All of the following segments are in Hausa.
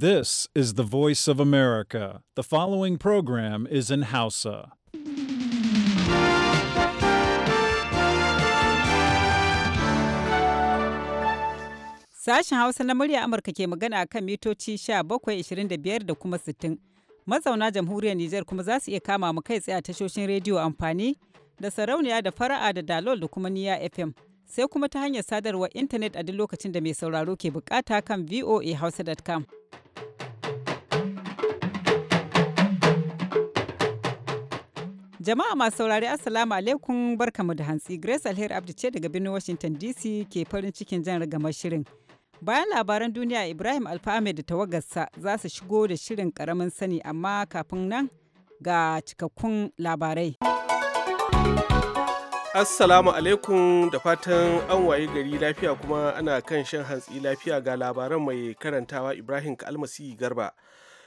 This is the voice of America. The following program is in Hausa. Sashen Hausa na murya Amurka ke magana kan mitoci 1725 da kuma 60. Mazauna jamhuriyar Nijar kuma za su iya kama mu kai tsaye a tashoshin rediyo amfani da sarauniya da fara'a da dalol da kuma niya FM. Sai kuma ta hanyar sadarwar intanet a duk lokacin da mai sauraro ke bukata kan voahausa.com. Jama'a masu saurari Assalamu alaikum barkamu da hantsi Grace Alheri Abdi ce daga birnin Washington DC ke farin cikin jan rigamar shirin. Bayan labaran duniya Ibrahim Alfahmed da tawagarsa za su shigo da shirin karamin sani amma kafin nan ga cikakkun labarai. Assalamu alaikum da fatan an waye gari lafiya kuma ana kan shan hantsi lafiya ga labaran mai karantawa Ibrahim Kalmasi Garba.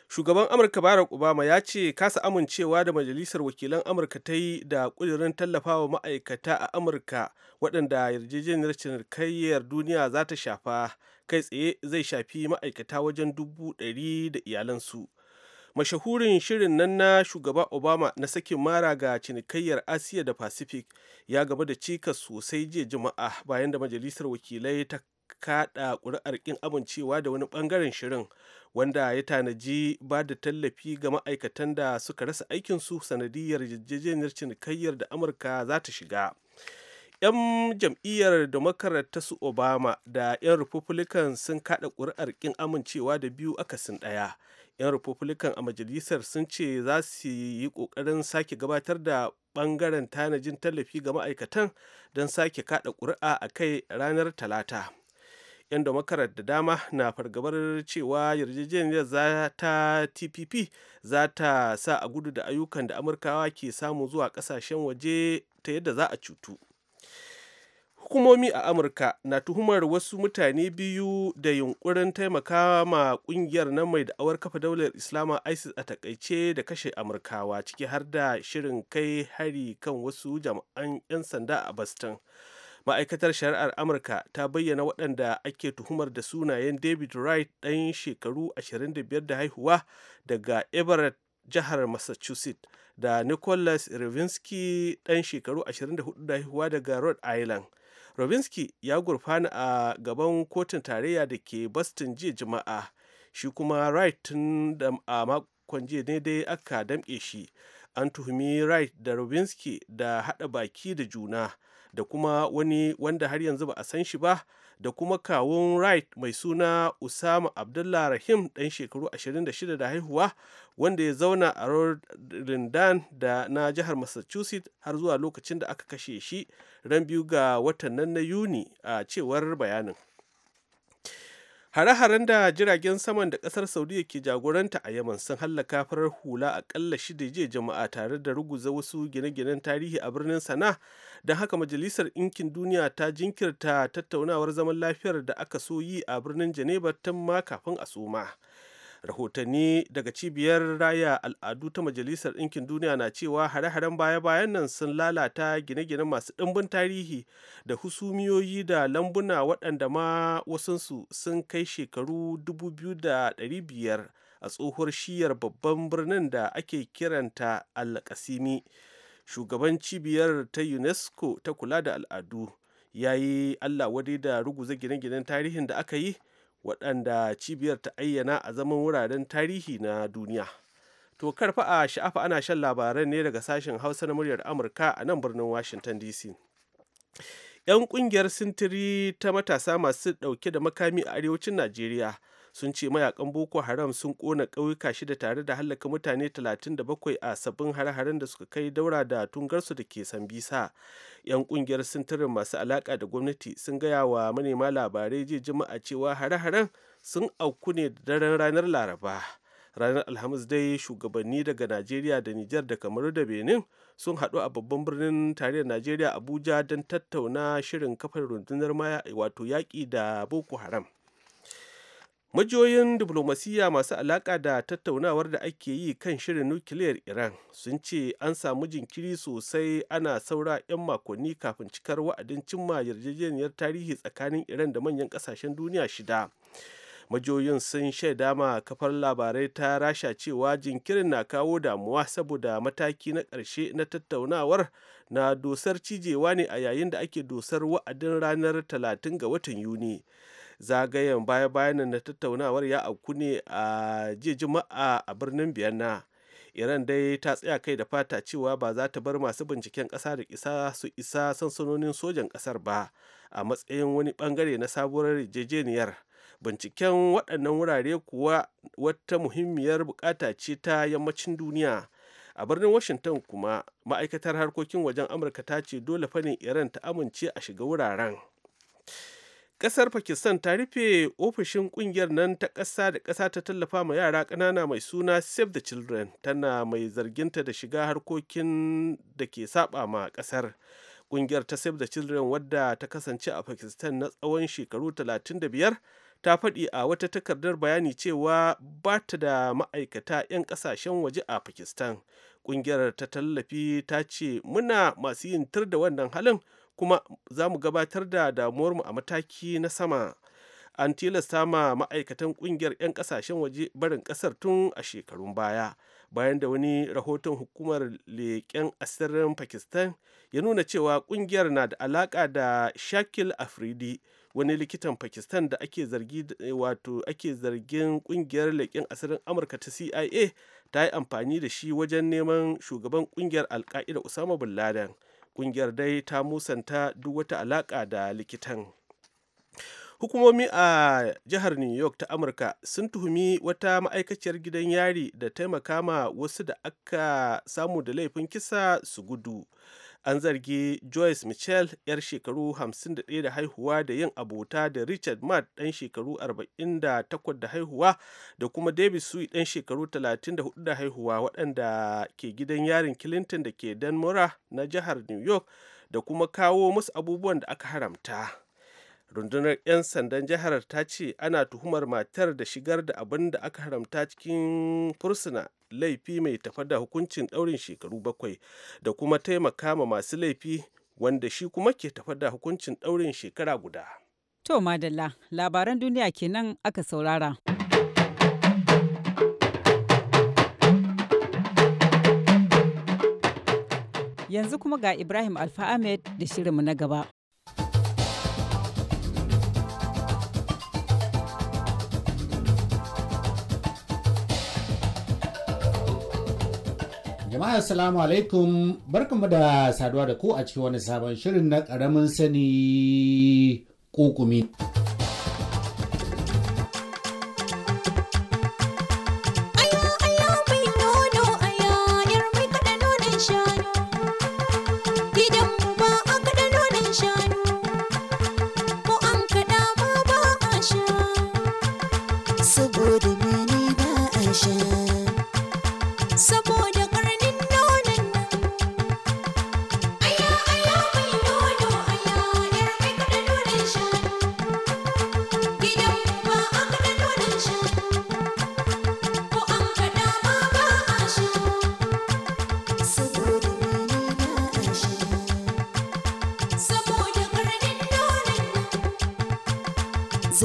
shugaban amurka barack obama ya ce kasa amincewa da majalisar wakilan amurka ta yi da kudirin tallafawa ma'aikata a amurka waɗanda yarjejeniyar cinikayyar duniya za ta shafa kai tsaye zai shafi ma'aikata wajen dubu ɗari da iyalansu mashahurin shirin nan na shugaba obama na sakin mara ga cinikayyar asiya da pacific ya gaba da cika sosai jiya juma'a bayan da majalisar wakilai ta kaɗa ƙuri'ar ƙin amincewa da wani bangaren shirin wanda ya tanaji ba da tallafi ga ma'aikatan da suka rasa aikinsu sanadiyar yarjejeniyar cinikayyar da amurka za ta shiga 'yan jam'iyyar democrat ta su obama da 'yan republican sun kada ƙuri'ar ƙin amincewa da biyu akasin ɗaya 'yan republican a majalisar sun ce za su yi kokarin sake gabatar da ɓangaren tanajin tallafi ga ma'aikatan don sake kada ƙuri'a a kai ranar talata 'yan damakarar da dama na fargabar cewa yarjejeniyar za ta tpp za ta sa a gudu da ayyukan da amurkawa ke samu zuwa kasashen waje ta yadda za a cutu hukumomi a amurka na tuhumar wasu mutane biyu da yunkurin taimaka ma kungiyar nan mai da'awar kafa daular islama isis a takaice da kashe amurkawa ciki har da shirin kai hari kan wasu jama'an 'yan sanda a boston ma'aikatar shari'ar amurka ta bayyana waɗanda ake tuhumar da sunayen david wright ɗan shekaru 25 da haihuwa daga everett jihar massachusetts da nicholas rovinsky ɗan shekaru 24 da haihuwa daga rhode island rovinsky ya gurfana a gaban kotun tarayya da ke boston jiya juma'a shi kuma wright tun da a makon jiya ne dai aka damƙe shi an tuhumi wright da rubinsky da haɗa baki da juna da kuma wani wanda har yanzu ba a san shi ba da kuma kawun wright mai suna usama abdullah rahim ɗan shekaru 26 da haihuwa wanda ya zauna a rindan da na jihar massachusetts har zuwa lokacin da aka kashe shi ran biyu ga watan nan na yuni a cewar bayanin Hare-haren da jiragen saman da kasar Saudiya ke jagoranta a Yaman sun hallaka farar hula akalla shida jiya jama'a tare da ruguza wasu gine-ginen tarihi a birnin Sana. Don haka Majalisar Ɗinkin Duniya ta jinkirta tattaunawar zaman lafiyar da aka so yi a birnin Geneva tun ma kafin a soma. rahotanni daga cibiyar raya al'adu ta majalisar ɗinkin duniya na cewa hare-haren baya-bayan nan sun lalata gine-gine masu ɗimbin tarihi da husumiyoyi da lambuna waɗanda ma wasansu sun kai shekaru 2,500 a tsohuwar shiyar babban birnin da ake kiranta alkasimi shugaban cibiyar ta unesco ta kula da al'adu ya yi allah wadai da ruguza gine-ginen tarihin da aka yi waɗanda cibiyar ta ayyana a zaman wuraren tarihi na duniya to karfa a sha'afa ana shan labaran ne daga sashen hausa na muryar amurka a nan birnin washington dc 'yan kungiyar sintiri ta matasa masu ɗauke da makami a arewacin najeriya sun ce mayakan boko haram sun kona ƙauyuka shida tare da hallaka mutane 37 a sabbin hare-haren da suka kai daura da tungarsu da ke sambisa yan kungiyar sintirin masu alaka da gwamnati sun gaya wa manema labarai jiya juma'a cewa hare-haren sun auku ne da daren ranar laraba ranar alhamis dai shugabanni daga najeriya da nijar da kamaru da benin sun haɗu a babban birnin tarayyar najeriya abuja don tattauna shirin kafar rundunar maya wato yaƙi da boko haram majoyin diflomasiyya masu alaka da tattaunawar da ake yi kan shirin nukiliyar iran sun ce an samu jinkiri sosai ana saura 'yan makonni kafin cikar wa'adin cimma yarjejeniyar tarihi tsakanin iran da manyan kasashen duniya shida majoyin sun shaida ma kafar labarai ta rasha cewa jinkirin na kawo damuwa saboda mataki na karshe na tattaunawar na dosar cijewa ne a yayin da ake dosar wa'adin ranar 30 ga watan yuni zagayen baya-bayan na tattaunawar ya auku ne a jiya juma'a a birnin biyana iran dai ta tsaya kai da fata cewa ba za ta bar masu binciken ƙasa da isa su isa sansanonin sojan ƙasar ba a matsayin wani bangare na sabuwar yarjejeniyar binciken waɗannan wurare kuwa wata muhimmiyar bukata ce ta yammacin duniya a birnin washington kuma ma'aikatar harkokin wajen amurka ta ce dole fannin iran ta amince a shiga wuraren kasar Pakistan ta rufe ofishin kungiyar nan ta kasa da kasa ta tallafa ma yara kanana mai suna Save the Children tana mai zarginta da shiga harkokin da ke saba ma kasar kungiyar ta Save the Children wadda ta kasance a Pakistan na tsawon shekaru 35 ta faɗi a wata takardar bayani cewa ba ta da ma'aikata 'yan ƙasashen waje a Pakistan. Ƙungiyar ta tallafi ta ce muna masu yin tur da wannan halin kuma za mu gabatar da damuwar mu a mataki na sama an tilasta ma ma'aikatan kungiyar 'yan kasashen waje barin kasar tun a shekarun baya bayan da wani rahoton hukumar leƙen asirin pakistan ya nuna cewa kungiyar na da alaƙa da shakil afridi wani likitan pakistan da ake zargi eh, wato ake zargin kungiyar leƙen asirin amurka ta cia ta yi amfani da shi wajen neman shugaban kungiyar alka'ida usama bin laden kungiyar dai ta musanta duk wata alaƙa da likitan hukumomi a jihar new york ta amurka sun tuhumi wata ma'aikaciyar gidan yari da taimaka ma wasu da aka samu da laifin kisa su gudu an zargi joyce mitchell yar shekaru 51 da haihuwa da yin abota da richard Matt, ɗan shekaru 48 da haihuwa da kuma david sui ɗan shekaru 34 da haihuwa waɗanda ke gidan yarin clinton da ke mura na jihar new york da kuma kawo musu abubuwan da aka haramta rundunar 'yan sandan jihar ta ce ana tuhumar matar da shigar da abin da aka haramta cikin fursuna laifi mai tafar da hukuncin ɗaurin shekaru bakwai da kuma taimaka ma masu laifi wanda shi kuma ke tafar da hukuncin ɗaurin shekara guda. To Madalla, labaran duniya kenan aka saurara. Yanzu kuma ga Ibrahim Alfa Ahmed da shirinmu na gaba. Jama'a salamu alaikum barkanmu da saduwa da ku a cikin wani sabon shirin na ƙaramin sani kokumi.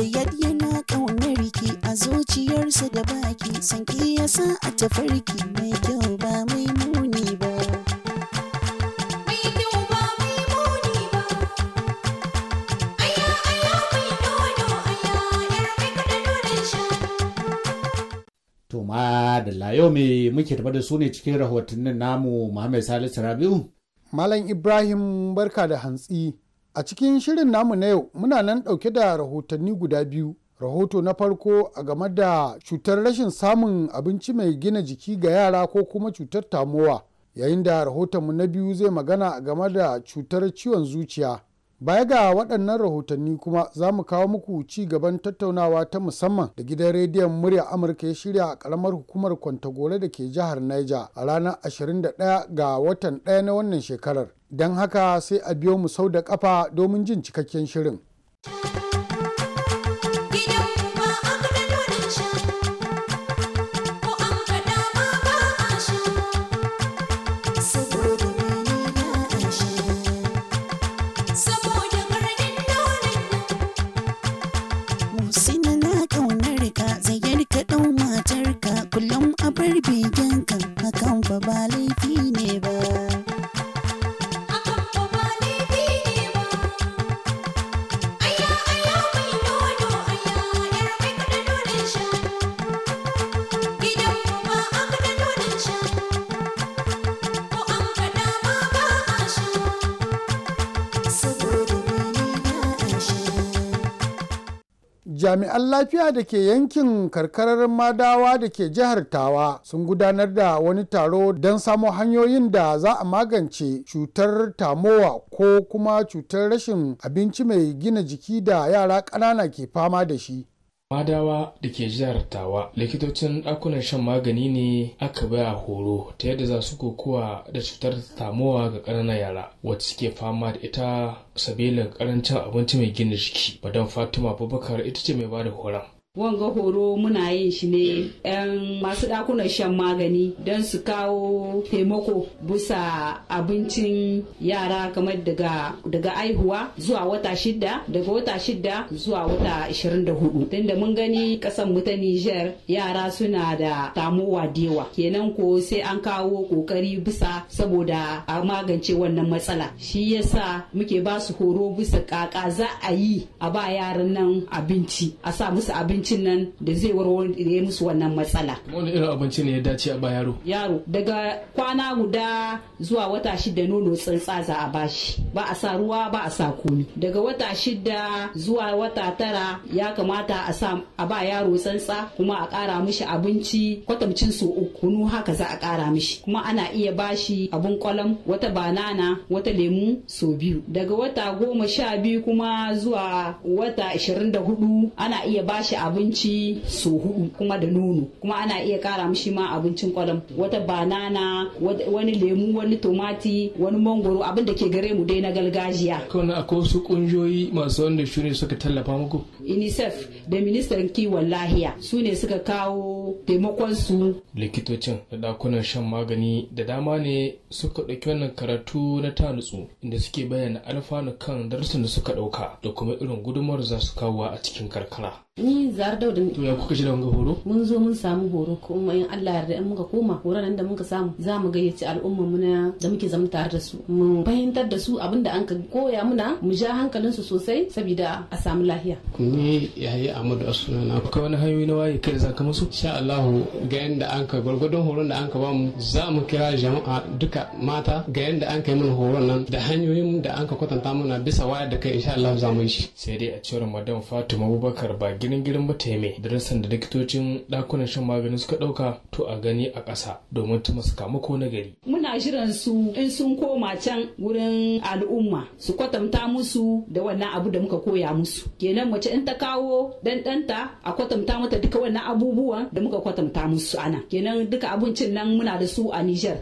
Sayyad yana ƙaunar ki a zuciyarsa da baki sanki ya sa a tafarki mai kyau ba mai muni ba. To da layo me muke tafa da su ne cikin rahotannin namu Muhammad Salisu Rabiu. Malam Ibrahim barka da hantsi. A cikin shirin namu na yau muna nan ɗauke da rahotanni guda biyu. Rahoto na farko a game da cutar rashin samun abinci mai gina jiki ga yara ko kuma cutar tamowa, yayin da rahotonmu na biyu zai magana a game da cutar ciwon zuciya. Baya ga waɗannan rahotanni kuma za mu kawo muku ci gaban tattaunawa ta musamman da gidan rediyon murya Amurka ya shirya a ƙaramar hukumar Kwantagore da ke jihar Niger a ranar 21 ga watan ɗaya na wannan shekarar. Don haka sai a biyo mu sau da ƙafa domin jin cikakken shirin. jami'an lafiya da ke yankin karkarar madawa da ke jihar tawa sun gudanar da wani taro don samo hanyoyin da za a magance cutar tamowa ko kuma cutar rashin abinci mai gina jiki da yara ƙanana ke fama da shi Madawa da ke jihar Tawa likitocin ɗakunan shan magani ne aka a horo ta yadda za su kokowa da cutar tamowa ga ƙananan yara wacce suke fama da ita sabilin ƙarancin abinci mai gina jiki. Badan Fatima babakar ita ce mai ba da horon. wanga horo muna yin shi ne 'yan masu ɗakunan shan magani don su kawo taimako bisa abincin yara kamar daga daga aihuwa zuwa wata shida daga wata shida zuwa wata 24 tunda mun gani kasan mu ta Niger yara suna da tamowa dewa kenan ko sai an kawo kokari bisa saboda a magance wannan matsala shi yasa muke ba su horo busa kaka za a yi a ba yaran nan abinci a sa musu abinci abincin nan da zai warware musu wannan matsala. Wani irin abinci ne ya dace a ba yaro? daga kwana guda zuwa wata shida nono tsantsa za a bashi ba a sa ruwa ba a sa komi. Daga wata shida zuwa wata tara ya kamata a sa a ba yaro tsantsa kuma a ƙara mishi abinci kwatamcin su uku haka za a ƙara mishi kuma ana iya bashi abun kwalam wata banana wata lemu so biyu daga wata goma sha biyu kuma zuwa wata ashirin da hudu ana iya bashi a abinci su hudu kuma da nono kuma ana iya kara mishi ma abincin kwalam wata banana wani lemu wani tomati wani mangoro abin da ke gare mu dai na gargajiya kana akwai wasu kungiyoyi masu wanda shi ne suka tallafa muku unicef da ministan kiwon lahiya su ne suka kawo taimakon su likitocin da dakunan shan magani da dama ne suka ɗauki wannan karatu na tanutsu inda suke bayyana alfanu kan darsin da suka ɗauka da kuma irin gudumar za su kawo a cikin karkara ni zar da to ya kuka ji da wanga horo mun zo mun samu horo kuma in Allah yarda in muka koma horon nan da muka samu za mu gayyaci al'umma mu na da muke zama tare da su mu fahimtar da su abinda an ka koya muna mu ja hankalin su sosai saboda a samu lahiya ni yayi Ahmadu Asuna na kuka wani hanyoyi na waye kai zaka musu insha Allah ga yanda an ka gwargwadon horon da an ka mu. za mu kira jama'a duka mata ga yanda an kai mana horon nan da hanyoyin da an ka kwatanta muna bisa wayar da kai insha Allah za mu yi shi sai dai a cewar madam Fatima Abubakar Bagin ganin girin mataime darasan da likitocin ɗakunan shan magani suka ɗauka to a gani a ƙasa domin ta masu kamako na gari. Muna jiran su in sun koma can wurin al'umma su kwatanta musu da wannan abu da muka koya musu. Kenan mace in ta kawo ɗanɗanta a kwatanta mata duka wannan abubuwan da muka kwatanta musu ana. Kenan duka abincin nan muna da su a Nijar.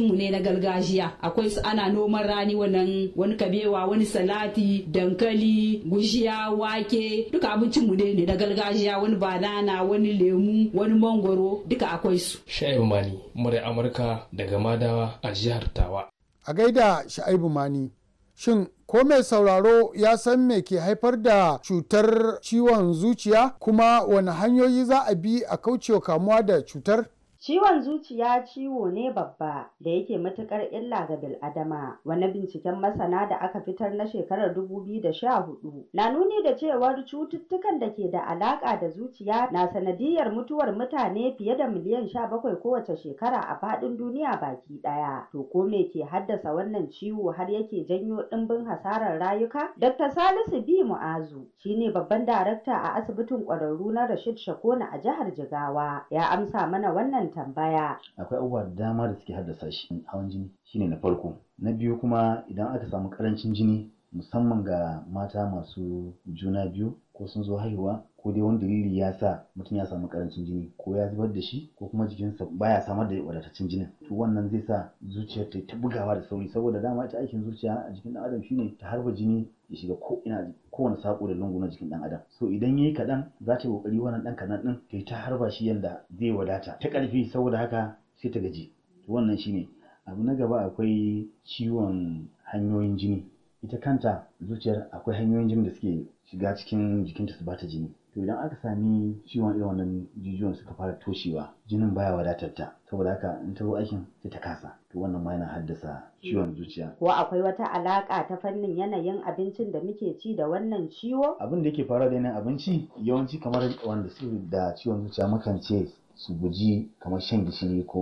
mu ne na gargajiya. Akwai su ana noman rani wannan wani kabewa wani salati dankali gujiya wake duka abincin mu ne ne na gargajiya wani banana wani lemu wani mangoro duka akwai su sha'ibu mani murai amurka daga madawa a jihar tawa a gaida sha'ibu mani shin ko mai sauraro ya san me ke haifar da cutar ciwon zuciya kuma wani hanyoyi za a bi a kaucewa kamuwa da cutar Ciwon zuciya ciwo ne babba da yake matuƙar illa ga bil'adama. Wani binciken masana da aka fitar na shekarar dubu biyu da sha 2014 na nuni da cewar cututtukan da ke da alaƙa da zuciya na sanadiyyar mutuwar mutane fiye da miliyan bakwai kowace shekara a faɗin duniya baki ɗaya. To ko me ke haddasa wannan ciwo har yake janyo ɗimbin hasarar rayuka? Dr. Salisu B. Mu'azu shi ne babban darakta a asibitin ƙwararru na Rashid Shakona a jihar Jigawa ya amsa mana wannan tambaya akwai abubuwa da dama da suke haddasa shi hawan jini shine na farko na biyu kuma idan aka samu karancin jini musamman ga mata masu juna biyu ko sun zo haihuwa ko dai wani dalili ya sa mutum ya samu karancin jini ko ya zubar da shi ko kuma jikinsa baya samar da wadataccen jinin to wannan zai sa zuciyar ta ta bugawa da sauri saboda dama ita aikin zuciya a jikin ɗan adam shine ta harba jini ya shiga ko ina kowane sako da lungu na jikin dan adam so idan yayi kaɗan za ta yi kokari wannan dan kadan din ta yi ta harba shi yanda zai wadata ta karfi saboda haka sai ta gaji to wannan shine abu na gaba akwai ciwon hanyoyin jini ita kanta zuciyar akwai hanyoyin jini da suke shiga cikin jikinta su bata jini to idan aka sami ciwon irin wannan jijiyoyin suka fara toshewa jinin baya wadatar ta saboda haka in ta zo aikin sai ta kasa to wannan ma yana haddasa ciwon zuciya ko akwai wata alaƙa ta fannin yanayin abincin da muke ci da wannan ciwo abin da yake faruwa da yanayin abinci yawanci kamar wanda suke da ciwon zuciya mukan ce su guji kamar shan gishiri ko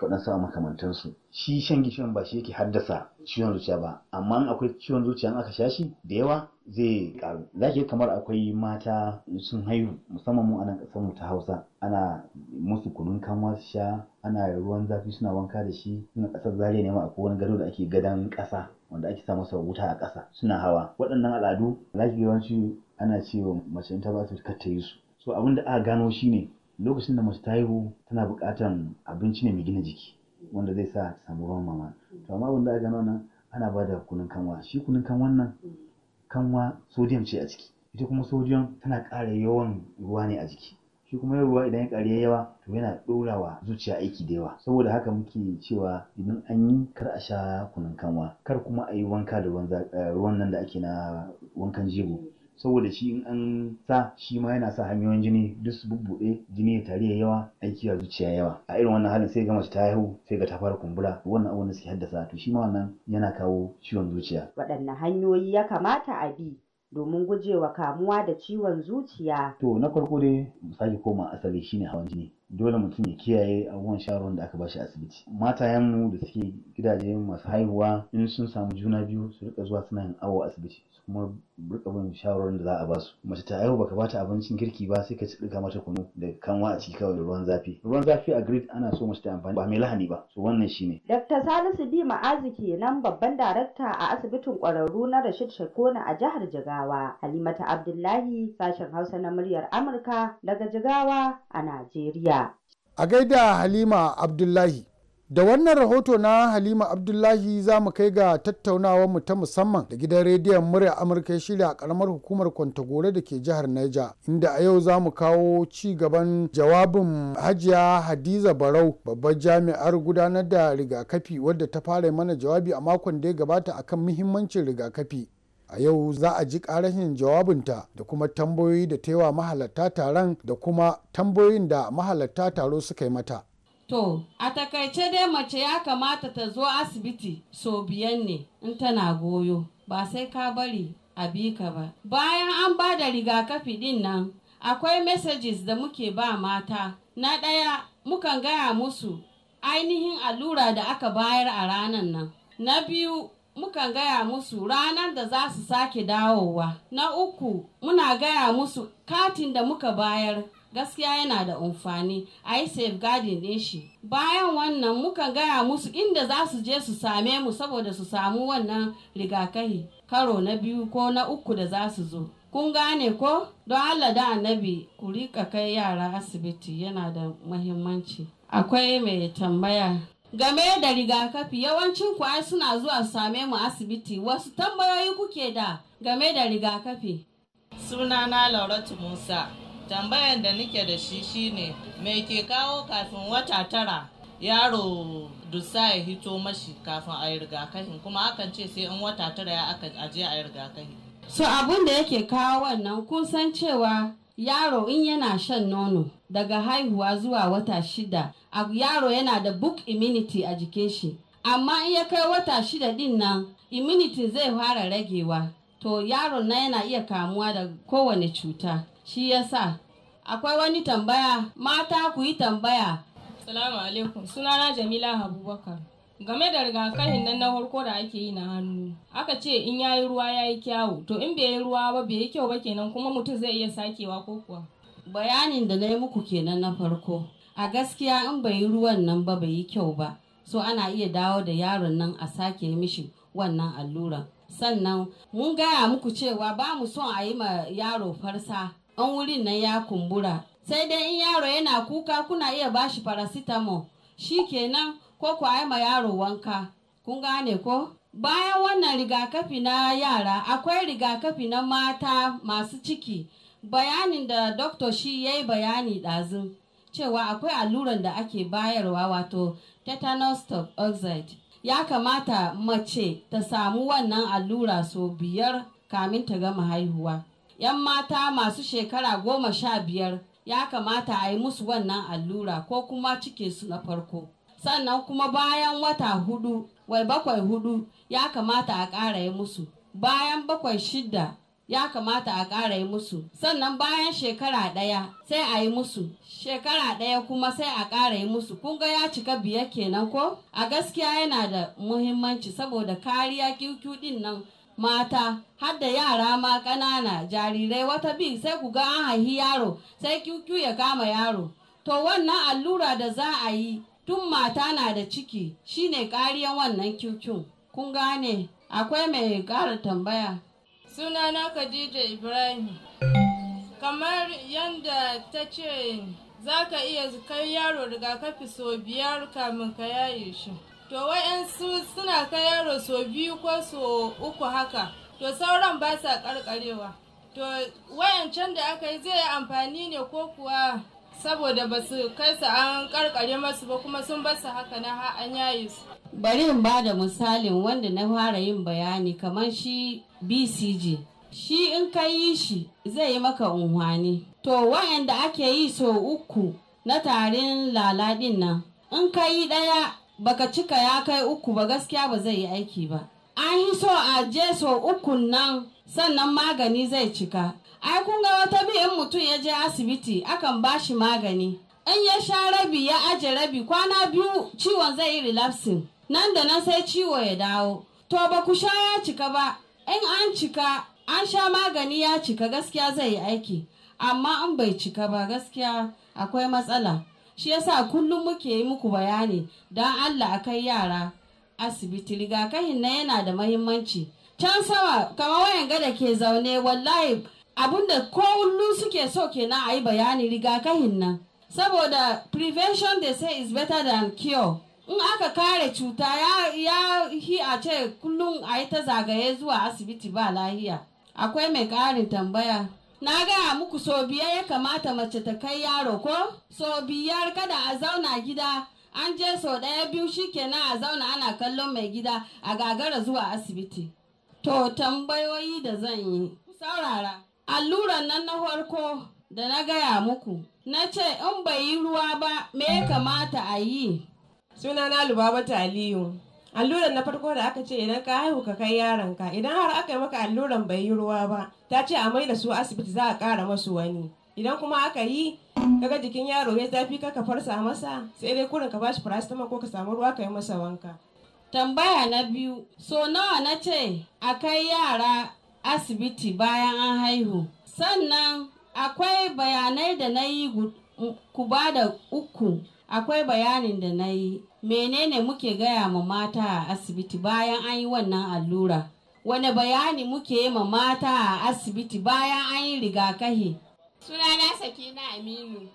waɗansu a makamantansu shi shan gishirin ba shi yake haddasa ciwon zuciya ba amma akwai ciwon zuciya aka sha shi da yawa zai karu za ki kamar akwai mata sun haihu musamman mu anan kasar mu ta hausa ana musu kunun kanwa su sha ana ruwan zafi suna wanka da shi suna ƙasar zare ne ma akwai wani gado da ake gadan ƙasa wanda ake sa masa wuta a ƙasa suna hawa waɗannan al'adu za ki yawanci ana cewa mace in ta ba su ta su so abin da aka gano shine lokacin da mace ta haihu tana buƙatan abinci ne mai gina jiki wanda zai sa ta samu ruwan mama to amma abin da aka nuna ana ba da kunun kanwa shi kunun kan nan kanwa sodium ce a ciki ita kuma sodium tana ƙara yawan ruwa ne a jiki shi kuma yawan ruwa idan ya ƙari yawa to yana ɗora wa zuciya aiki da yawa saboda haka muke cewa idan an yi kar a sha kunun kanwa kar kuma a yi wanka da eh, ruwan nan da ake na wankan jego saboda shi in an sa shi ma yana sa hanyoyin jini duk su bubbuɗe jini ya tari yawa aiki a zuciya yawa a irin wannan halin sai ga mace ta haihu sai ga ta fara kumbura wannan abu da suke haddasa to shi ma wannan yana kawo ciwon zuciya waɗanne hanyoyi ya kamata a bi domin gujewa kamuwa da ciwon zuciya to na farko dai mu sake koma asali shine hawan jini dole mutum ya kiyaye abubuwan shawarwar da aka bashi asibiti mu da suke gidaje masu haihuwa in sun samu juna biyu su rika zuwa suna yin awo asibiti su kuma rikabin bin shawarwarin da za a basu mace ta haihu baka bata abincin kirki ba sai ka rika mata kunu da kanwa a ciki kawai da ruwan zafi ruwan zafi a grid ana so mace ta amfani ba mai lahani ba so wannan shine Dr. Salisu Bi Ma'azi kenan babban darakta a asibitin kwararru na Rashid Shakona a jihar Jigawa Halimata Abdullahi sashen Hausa na muryar Amurka daga Jigawa a Najeriya a gaida Halima Abdullahi Da wannan rahoto na Halima Abdullahi za mu kai ga tattaunawar mu ta musamman da gidan rediyon murya Amurka ya shirya a karamar hukumar Kwantagore da ke jihar neja inda a yau za mu kawo ci gaban jawabin Hajiya Hadiza Barau babbar jami'ar gudanar da rigakafi wadda ta fara mana jawabi a makon da ya gabata akan muhimmancin rigakafi. a yau za a ji ƙarashin jawabinta da kuma tambayoyi da ta yi wa mahalarta taron da kuma tambayoyin da mahalarta taro suka yi mata To, a takaice dai mace ya kamata ta zo asibiti sau biyan ne in tana goyo, ba sai ka bari a bika ba. Bayan an ba da rigakafi din nan, akwai messages da muke ba mata. Na ɗaya, mukan gaya musu ainihin allura da aka bayar a ranan nan. Na biyu, mukan gaya musu ranar da za su sake dawowa. Na uku, muna gaya musu katin da muka bayar gaskiya yana da amfani a yi safeguarding din shi bayan wannan muka gaya musu inda za su je su same mu saboda su samu wannan rigakafi karo na biyu ko na uku da za su zo kun gane ko don allah da annabi ku rika kai yara asibiti yana da mahimmanci akwai mai tambaya game da rigakafi yawancin ku ai suna zuwa same mu asibiti wasu tambayoyi kuke da game da rigakafi sunana lauratu musa tambayan da nake da shi shine me ke kawo kafin wata tara yaro dusa ya hito mashi kafin a yi rigakafi kuma akan ce sai in wata tara ya akan aje a yi rigakafi so abun da yake kawo wannan kusan cewa yaro in yana shan nono daga haihuwa zuwa wata shida yaro yana da book immunity a jikin shi amma in ya kai wata shida din nan immunity zai fara ragewa to yaron na yana iya kamuwa da kowane cuta shi ya sa. akwai wani tambaya mata ku yi tambaya salamu alaikum sunana jamila abubakar game da rigakafin nan na farko da ake yi na hannu aka ce in ya yi ruwa ya yi kyawu to in bai yi ruwa ba bai yi kyau ba kenan kuma mutum zai iya sakewa ko kuwa bayanin da na yi muku kenan na farko a gaskiya in bai yi ruwan nan ba bai yi kyau ba so ana iya dawo da yaron nan a sake mishi wannan alluran sannan mun gaya muku cewa ba mu son a yi ma yaro farsa an wurin nan ya kumbura sai dai in yaro yana kuka kuna iya ba shi bashi paracetamol kenan ko ku ma yaro wanka kun gane ko bayan wannan rigakafi na yara akwai rigakafi na mata masu ciki bayanin da doktor shi ya yi bayani ɗazu cewa akwai alluran da ake bayarwa wato tetanus oxide ya kamata mace ta samu wannan allura sau biyar kamin ta gama haihuwa 'yan mata masu shekara goma sha biyar ya kamata a yi musu wannan allura ko kuma cike su na farko sannan kuma bayan wata hudu wai bakwai hudu ya kamata a ƙara yi musu bayan bakwai shida ya kamata a ƙara yi musu sannan bayan shekara ɗaya sai a yi musu shekara ɗaya kuma sai a ƙara yi musu kun ga ya cika biye kenan ko a gaskiya yana da muhimmanci saboda kariya kyukyu ɗin nan mata har da yara ma ƙanana jarirai wata bi sai ku ga an haihi yaro sai kyukyu ya kama yaro to wannan allura da za a yi tun mata na da ciki shine ƙariyan wannan kyukyu kun gane akwai mai ƙara tambaya Suna na khadija ibrahim kamar yadda ta ce za ka iya kai yaro rigakafi sau biyar kamin ka yaye shi to wa'yansu suna kai yaro so biyu ko so uku haka to sauran ba sa karkarewa to wayancan da aka yi zai yi amfani ne ko kuwa saboda ba su kai su an karkare masu ba kuma sun basu haka na ha an yayi su bari in ba da misalin wanda na fara yin bayani kamar shi bcg shi in ka yi shi zai yi maka unhwani to wayanda ake yi so uku na tarin laladin nan in ka yi ɗaya baka cika ya kai uku ba gaskiya ba zai yi aiki ba an yi so a je so ukun nan sannan magani zai cika ai kun ga wata in mutum ya je asibiti akan ba shi magani in ya sha rabi ya aje rabi kwana biyu ciwon zai yi relapsing nan da nan sai ciwo ya dawo to ba ku sha ya cika ba in an cika an sha magani ya cika gaskiya zai yi aiki amma in bai cika ba gaskiya akwai matsala shi yasa kullum muke yi muku bayani don allah a kai yara asibiti rigakafin na yana da mahimmanci can sama kamar wayan gada ke zaune wallahi abinda kullum suke so kenan a yi bayani rigakafin nan saboda prevention they say is better than cure in aka kare cuta ya ya hi a ce kullum a yi ta zagaye zuwa asibiti ba lahiya akwai mai ƙarin tambaya Na gaya muku so biyar ya kamata mace ta kai yaro ko? So biyar kada a zauna gida an je so ɗaya biyu shikenan a zauna ana kallon mai gida a gagara zuwa asibiti. To tambayoyi da zan yi. Saurara, alluran nan na farko da na gaya muku. Na ce in bai yi ruwa ba me ya kamata a yi? Sunana Lubabatu Aliyu. alluran na farko da aka ce idan ka haihu ka kai yaron ka idan har aka yi maka alluran bai yi ruwa ba ta ce a mai da su asibiti za a kara masu wani idan kuma aka yi kaga jikin yaro ya zafi ka farsa masa sai dai kurin ka bashi paracetamol ko ka samu ruwa ka yi masa wanka tambaya na biyu so nawa na ce a kai yara asibiti bayan an haihu sannan akwai bayanai da na yi ku ba da uku akwai bayanin da na yi menene muke gaya ma mata a asibiti bayan an yi wannan allura wane bayani muke yi ma mata a asibiti bayan an yi rigakafi sunana na aminu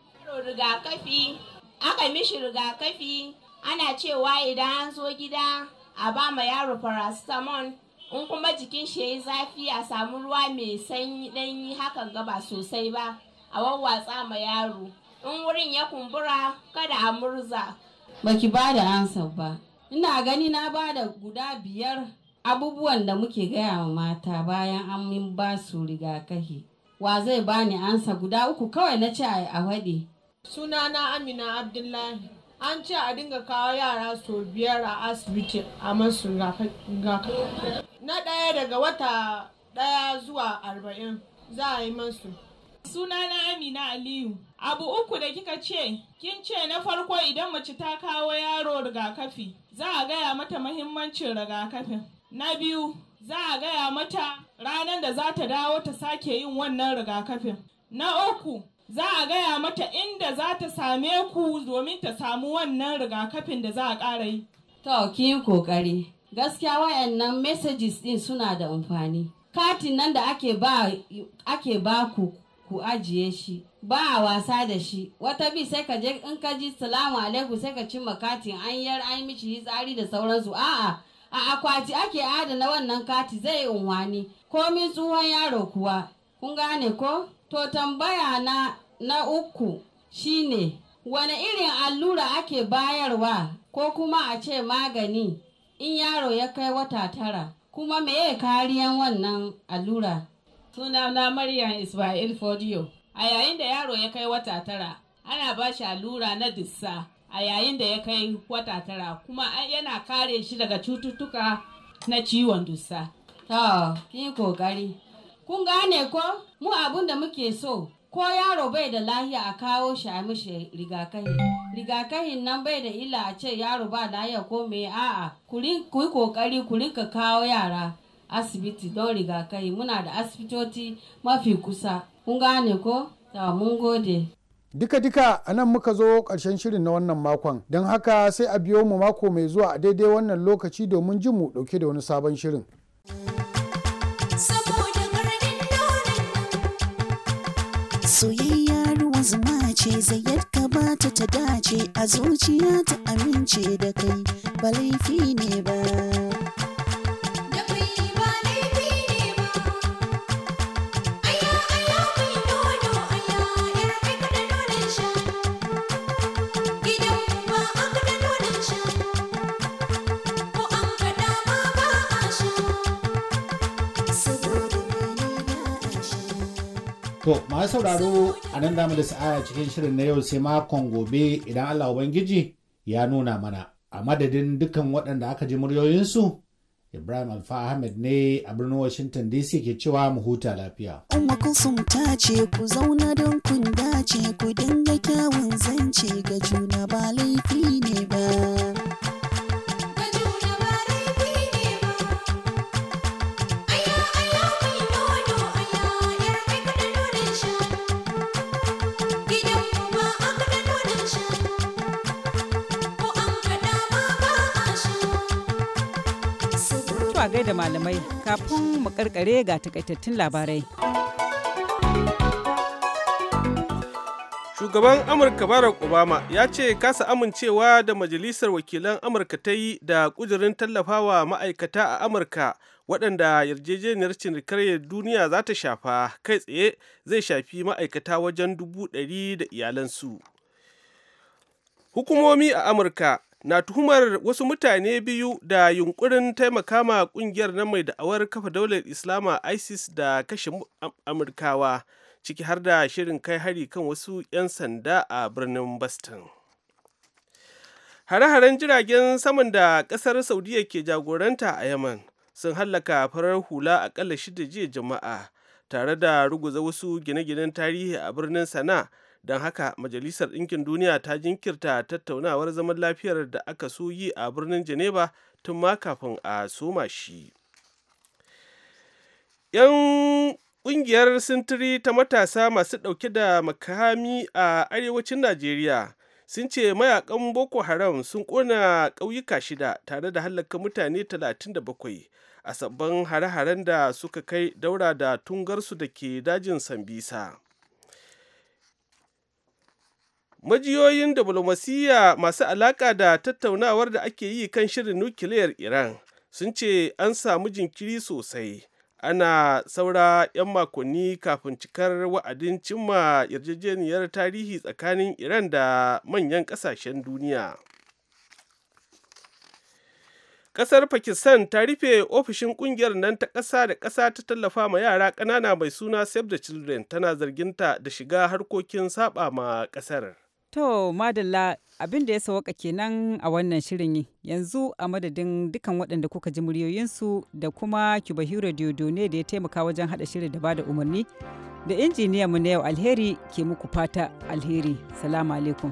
rigakafi aka mishi rigakafi ana cewa idan an zo gida a ba ma yaro paracetamol in kuma jikin shi yayi zafi a samu ruwa mai sanyi danyi hakan gaba sosai ba a wawwatsa ma yaro in wurin ya kumbura kada a murza baki ba da ansa ba ina gani na ba da guda biyar abubuwan da muke gaya wa mata bayan an min ba su rigakafi wa zai bani ansa guda uku kawai na ce a Suna sunana amina abdullahi an ce a dinga kawo yara sau biyar a asibiti a masu rigakafi na ɗaya daga wata ɗaya zuwa arba'in za a yi masu Sunana Amina Aliyu. Abu uku da kika ce, kin ce na farko idan mace ta kawo yaro rigakafi, za a gaya mata mahimmancin rigakafin. Na biyu, za a gaya mata ranar da za ta dawo ta sake yin wannan rigakafin. Na uku, za a gaya mata inda za ta same ku domin ta samu wannan rigakafin da za a ƙara yi. To, ki yi ƙoƙari. Gaskiya wayannan messages ɗin suna da amfani. Katin nan da ake baku. ake ba ku ku ajiye shi ba a wasa da shi wata bi sai ka je in ka ji salamu alaikum sai ka cimma katin an yar an mishi tsari da sauransu a'a a akwati ake adana wannan kati zai unwani komi tsohon yaro kuwa kun gane ko to tambaya na na uku shine wane irin allura ake bayarwa ko kuma a ce magani in yaro ya kai wata tara kuma meye kariyan wannan allura suna na Maryam Ismail Fodiyo. A yayin da yaro ya kai wata tara, ana ba shi allura na dissa a yayin da ya kai wata tara kuma yana kare shi daga cututtuka na ciwon dussa. To, ki kokari. Kun gane ko mu abun da muke so ko yaro bai da lahiya a kawo shi a mishi rigakahi. Rigakahin nan bai da illa a ce yaro ba lahiya ko me a'a. Ku yi kokari ku rinka kawo yara. asibiti don rigakai muna da asibitoci mafi kusa kun gane ko ta mun gode Duka-duka a nan muka zo ƙarshen shirin na wannan makon, don haka sai a biyo mu mako mai zuwa a daidai wannan lokaci domin jin mu ɗauke da wani sabon shirin. Soyayya ruwan zuma ce zayyar ka bata ta dace a zuciya ta amince da kai ba laifi ne ba. To, masu sauraro a nan damu da a cikin shirin na yau sai makon gobe idan Allah Ubangiji ya nuna mana. A madadin dukkan waɗanda aka ji muryoyinsu, Ibrahim Alfa Ahmed ne a birnin Washington DC ke cewa mu huta lafiya. Umma ta ku zauna don kun dace ku dinga kyawun zance ga juna ba laifi ne ba. zuwa gai gaida malamai kafin mu karkare ga takaitattun labarai. Shugaban Amurka Barack Obama ya ce kasa amincewa da Majalisar Wakilan Amurka ta yi da kudirin tallafawa ma'aikata a Amurka waɗanda yarjejeniyar cinikayyar duniya za ta shafa kai tsaye zai shafi ma'aikata wajen dubu ɗari da iyalansu. Hukumomi a Amurka na tuhumar wasu mutane biyu da yunkurin taimaka ma kungiyar na mai da'awar kafa daular islama isis da kashe amurkawa ciki har da shirin kai hari kan wasu 'yan sanda a birnin boston hare-haren jiragen saman da kasar saudiya ke jagoranta a yaman sun hallaka farar hula akalla shida jiya jama'a tare da ruguza wasu gine-ginen tarihi a birnin sana'a don haka majalisar ɗinkin duniya ta jinkirta tattaunawar zaman lafiyar da aka so yi a birnin geneva tun ma kafin a soma shi 'yan ƙungiyar sintiri ta matasa masu ɗauke da makami a arewacin najeriya sun ce mayakan boko haram sun ƙona ƙauyuka shida tare da hallaka mutane 37 a sabbin hare-haren da suka kai daura da tungarsu da ke dajin sambisa majiyoyin diflomasiyya masu alaka da tattaunawar da ake yi kan shirin nukiliyar iran sun ce an samu jinkiri sosai ana saura 'yan makonni kafin cikar wa'adin cimma yarjejeniyar tarihi tsakanin iran da manyan kasashen duniya kasar pakistan ta rufe ofishin kungiyar nan ta ƙasa da ƙasa ta tallafa ma yara ƙanana mai suna save the children tana zarginta da shiga harkokin saba ma ƙasar To, madalla abin da ya sawaka kenan a wannan shirin yanzu a madadin dukan waɗanda kuka ji muryoyinsu da kuma Kibahiro ne da ya taimaka wajen haɗa shirin da ba da umarni da mu na yau alheri ke muku fata alheri. Salamu alaikum.